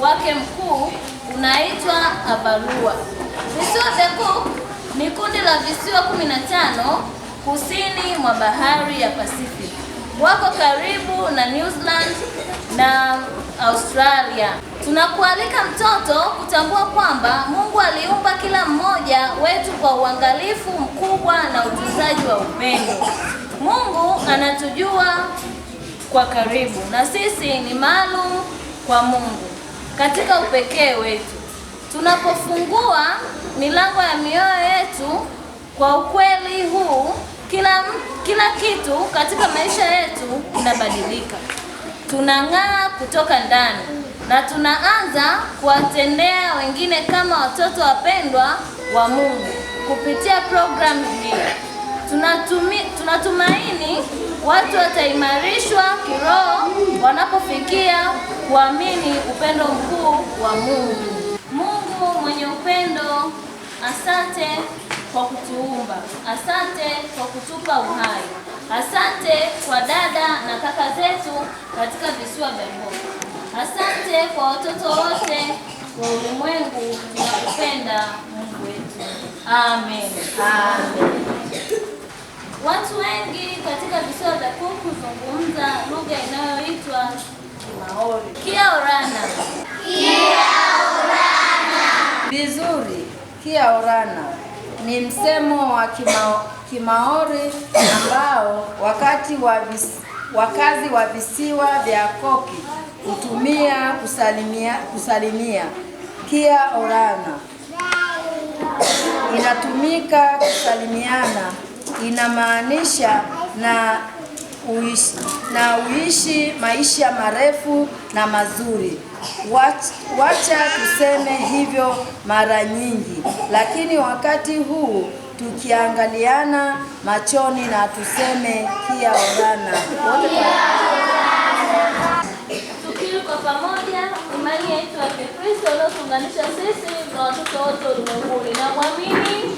wake mkuu unaitwa abalua Visiwa vya Cook ni kundi la visiwa 15 kusini mwa bahari ya Pacific. Wako karibu na New Zealand na Australia. Tunakualika mtoto kutambua kwamba Mungu aliumba kila mmoja wetu kwa uangalifu mkubwa na utunzaji wa upendo. Mungu anatujua kwa karibu na sisi ni maalum kwa Mungu katika upekee wetu. Tunapofungua milango ya mioyo yetu kwa ukweli huu, kila, kila kitu katika maisha yetu inabadilika Tunang'aa kutoka ndani na tunaanza kuwatendea wengine kama watoto wapendwa wa Mungu kupitia programu hii. Tunatumi, tunatumaini watu wataimarishwa kiroho kuamini upendo mkuu wa Mungu. Mungu mwenye upendo, asante kwa kutuumba, asante kwa kutupa uhai, asante kwa dada na kaka zetu katika visiwa vya Mbogo, asante kwa watoto wote wa ulimwengu. Tunakupenda Mungu wetu, amen, amen. Watu wengi katika visiwa vya Cook huzungumza lugha inayoitwa Kia orana. Kia orana. Vizuri. Kia orana ni msemo wa Kimaori ambao wakati wa wakazi wa visiwa vya Koki hutumia kusalimia, kusalimia. Kia orana inatumika kusalimiana, inamaanisha na kuishi na uishi maisha marefu na mazuri. Wacha, wacha tuseme hivyo mara nyingi, lakini wakati huu tukiangaliana machoni na tuseme kia ulana tukiri kwa pamoja imani yetu ya Kikristo sisi na watoto wote ulimwenguni na mwamini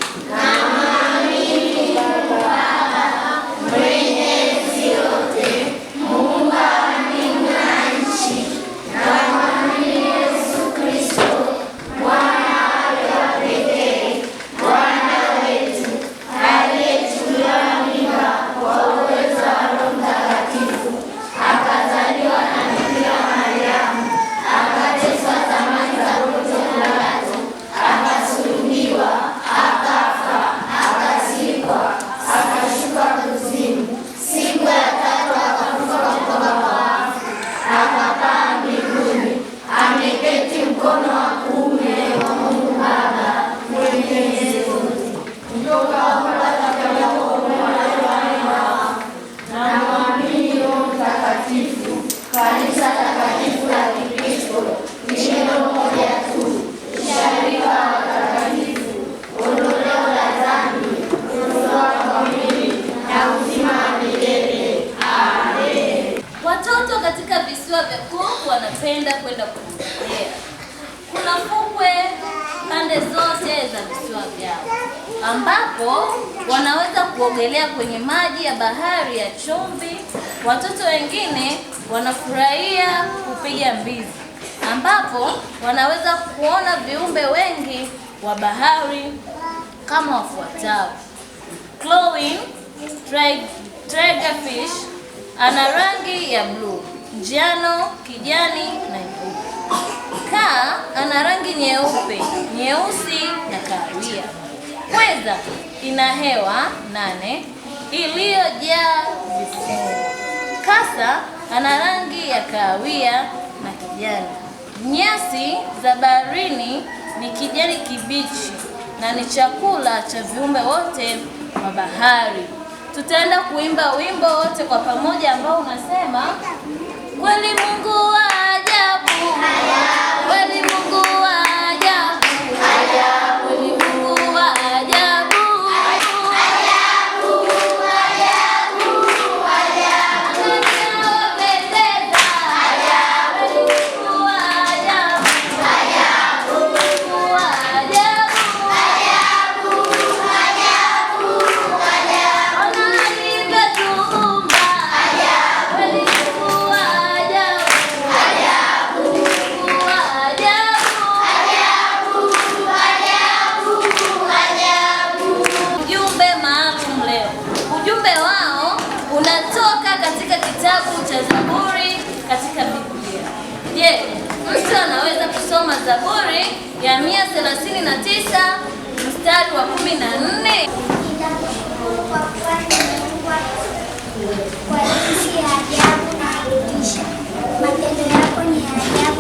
napenda kwenda kuogelea. Kuna fukwe pande zote za visiwa vyao ambapo wanaweza kuogelea kwenye maji ya bahari ya chumvi. Watoto wengine wanafurahia kupiga mbizi, ambapo wanaweza kuona viumbe wengi wa bahari kama wafuatao: Glowing tigerfish ana rangi ya bluu njano, kijani na nyeupe. Kaa ana rangi nyeupe, nyeusi na kahawia. Kweza ina hewa nane iliyojaa vifungo. Kasa ana rangi ya kahawia na kijani. Nyasi za baharini ni kijani kibichi na ni chakula cha viumbe wote wa bahari. Tutaenda kuimba wimbo wote kwa pamoja ambao unasema Kweli Mungu wa ajabu, kweli Mungu Zaburi ya 139 mstari wa 14. ni ajabu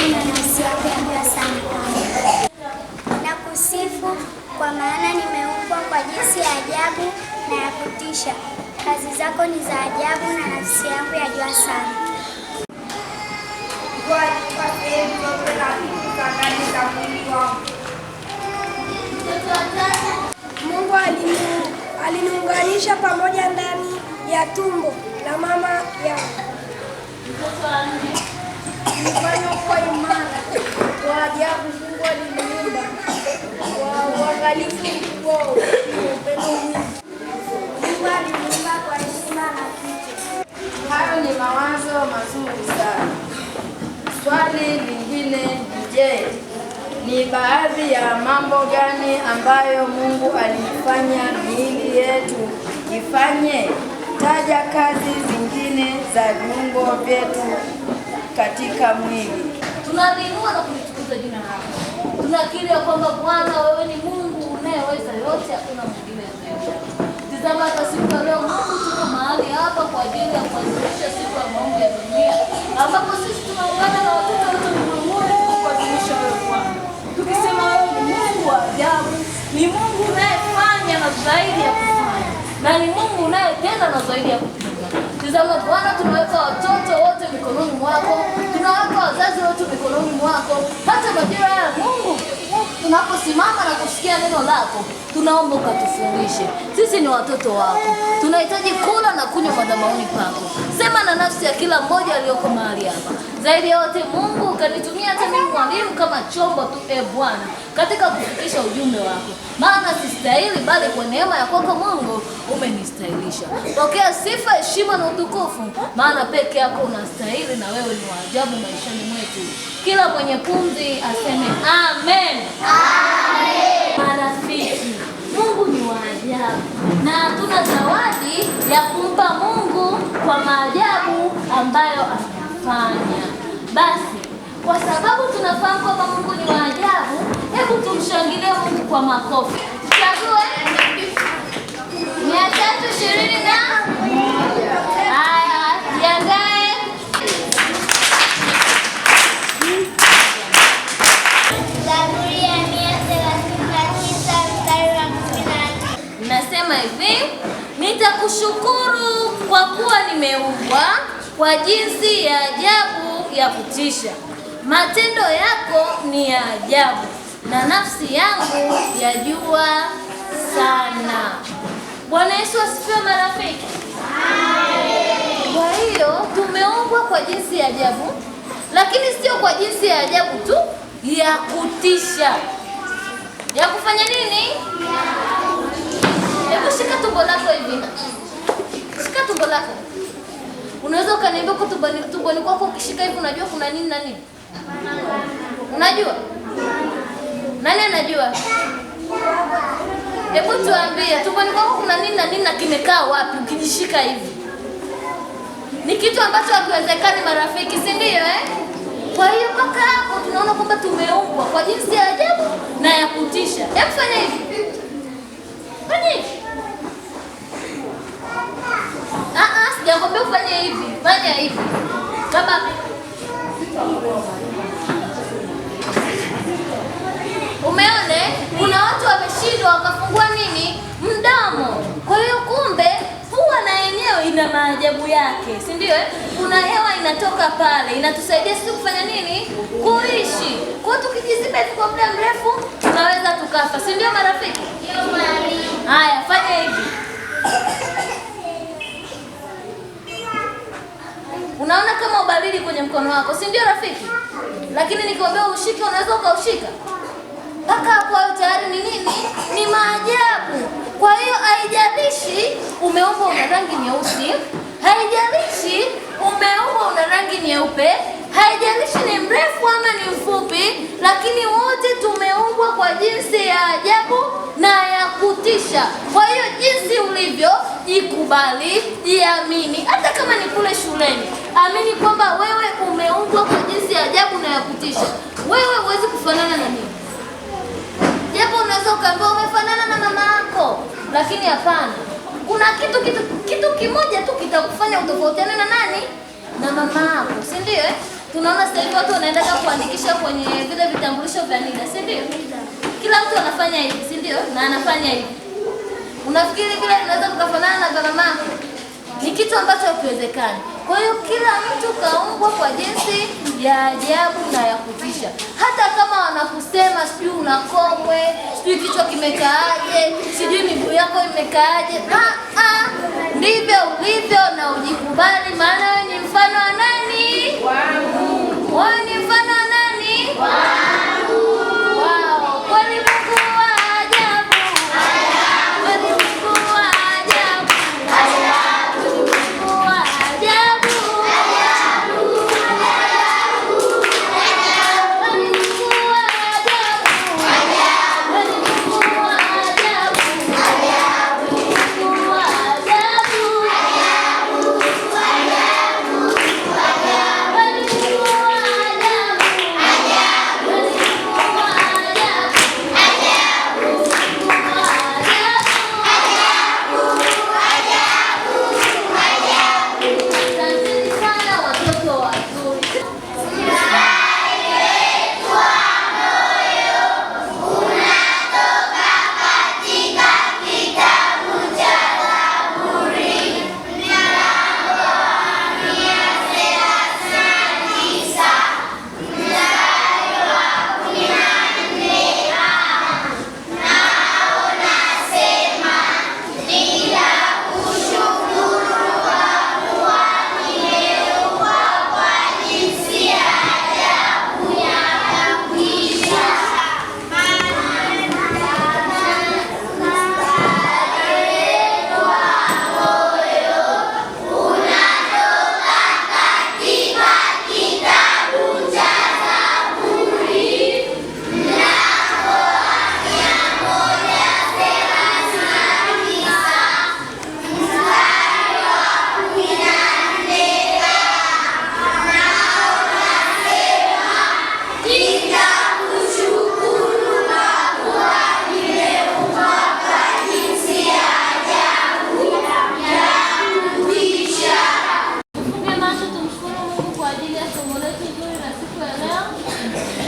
na nafsi yajua sana. kwa maana nimeumbwa kwa jinsi ya ajabu na ya kutisha. Kazi zako ni za ajabu na nafsi yangu yajua sana. kulisha pamoja ndani ya tumbo la mama yao. imara wa ajabu Mungu kwa uangalifu mkubwa wa upendo mwingi. Mungu kwa heshima na kicho. Hayo ni mawazo mazuri sana. Swali lingine ni je, ni baadhi ya mambo gani ambayo Mungu alifanya miili yetu Ifanye taja kazi zingine za viungo vyetu katika mwili. Tunaliinua na kulitukuza jina lako. Tunakiri ya kwamba Bwana, wewe ni Mungu unayeweza yote, hakuna mwingine zaidi. Tazama hata siku ya leo, Mungu, tuko mahali hapa kwa ajili ya kuadhimisha siku ya maombi ya dunia ambapo sisi zaidi ya kupiga. Tazama Bwana, tunaweka watoto wote mikononi mwako, tunaweka wazazi wote mikononi mwako, hata majira ya Mungu tunaposimama na kusikia neno lako tunaomba ukatufundishe. Sisi ni watoto wako, tunahitaji kula na kunywa madhabahuni pako. Sema na nafsi ya kila mmoja aliyoko mahali hapa. Zaidi ya wote, Mungu ukanitumia hata mimi mwalimu kama chombo tu, e Bwana, katika kufikisha ujumbe wako, maana sistahili, bali kwa neema ya kwako Mungu umenistahilisha. Pokea sifa, heshima na utukufu, maana peke yako unastahili, na wewe ni waajabu maishani mwetu. Kila mwenye pumzi aseme amen, amen. Marafiki maajabu, na hatuna zawadi ya kumpa Mungu kwa maajabu ambayo amefanya. Basi kwa sababu tunafahamu kwamba Mungu ni waajabu, hebu tumshangilie Mungu kwa makofi. Tuchague mia tatu ishirini na haya, jiandae. inasema hivi: nitakushukuru kwa kuwa nimeumbwa kwa jinsi ya ajabu ya kutisha. Matendo yako ni ya ajabu, na nafsi yangu yajua sana. Bwana Yesu asifiwe, marafiki. Kwa hiyo tumeumbwa kwa jinsi ya ajabu, lakini sio kwa jinsi ya ajabu tu, ya kutisha, ya kufanya nini? shika tumbo lako hivi. Shika tumbo lako. Unaweza ukaniambia kwa tumboni tumbo kwako ukishika hivi unajua kuna nini na nini? Unajua? Nani anajua? Hebu tuambie tumboni kwako kuna nini na nini na kimekaa wapi ukijishika hivi? Ni kitu ambacho hakiwezekani marafiki, si ndio eh? Kwa hiyo mpaka hapo tunaona kwamba tumeumbwa kwa jinsi ya ajabu na ya kutisha. Hebu fanya hivi. Fanya hivi. nakwambia ufanye hivi, fanya hivi baba. Umeone, eh? kuna watu wameshindwa wakafungua nini, mdomo. Kwa hiyo kumbe pua na yenyewe ina maajabu yake, si ndio? Eh? Kuna hewa inatoka pale, inatusaidia sisi kufanya nini, kuishi. Kwa hiyo hivi kwa muda mrefu tunaweza tukafa, si ndio marafiki? Haya. wako, si ndio rafiki? Lakini nikiambia ushike, unaweza ukaushika mpaka hapo. Hayo tayari ni nini? Ni maajabu. Kwa hiyo haijalishi umeumbwa una rangi nyeusi, haijalishi umeumbwa una rangi nyeupe, haijalishi ni mrefu ama ni mfupi, lakini wote tumeumbwa kwa jinsi ya ajabu na ya kutisha. Kwa hiyo jinsi ulivyo, jikubali, jiamini, hata kama ni kule shuleni amini kwamba wewe umeumbwa kwa jinsi ya ajabu na ya kutisha. Wewe huwezi kufanana na mimi, japo unaweza ukaambiwa umefanana na mama yako, lakini hapana. Kuna kitu kitu kitu kimoja tu kitakufanya utofautiane na nani? Na mama yako, si ndio? Eh, tunaona sasa hivi watu wanaenda kuandikisha kwenye vile vitambulisho vya NIDA, si ndio? Kila mtu anafanya hivi, si ndio? Na anafanya hivi Unafikiri vile tunaweza tukafanana na yako? Ni kitu ambacho hakiwezekani. Kwa hiyo kila mtu kaumbwa kwa jinsi ya ajabu na ya kutisha. Hata kama wanakusema sijui unakomwe, sijui kichwa kimekaaje, sijui miguu yako imekaaje, ah, ah, ndivyo ulivyo na ujikubali, maana wewe ni mfano wa nani? Wa Mungu. Wewe ni mfano wa nani? Wa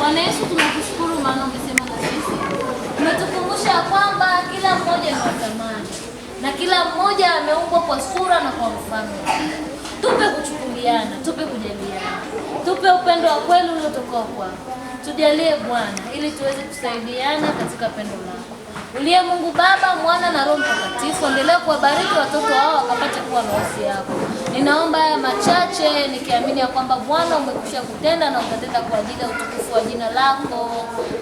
Bwana Yesu, tunakushukuru maana umesema na sisi, umetukumbusha ya kwamba kila mmoja ni watamani na kila mmoja ameumbwa kwa sura na kwa mfano. Tupe kuchukuliana, tupe kujaliana, tupe upendo wa kweli uliotoka kwako. Tujalie Bwana ili tuweze kusaidiana katika pendo lako uliye Mungu Baba, Mwana na Roho Mtakatifu, endelea kuwabariki watoto wao wakapate kuwa na wasi yako Ninaomba haya machache nikiamini ya kwamba Bwana umekwisha kutenda na utatenda kwa ajili ya utukufu wa jina lako.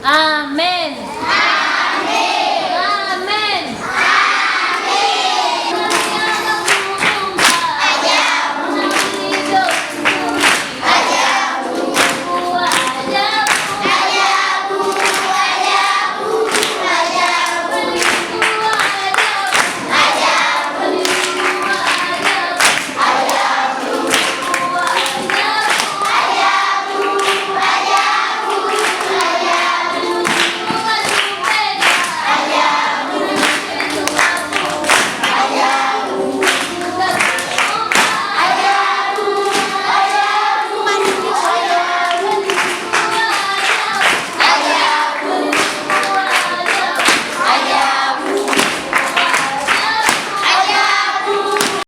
Amen.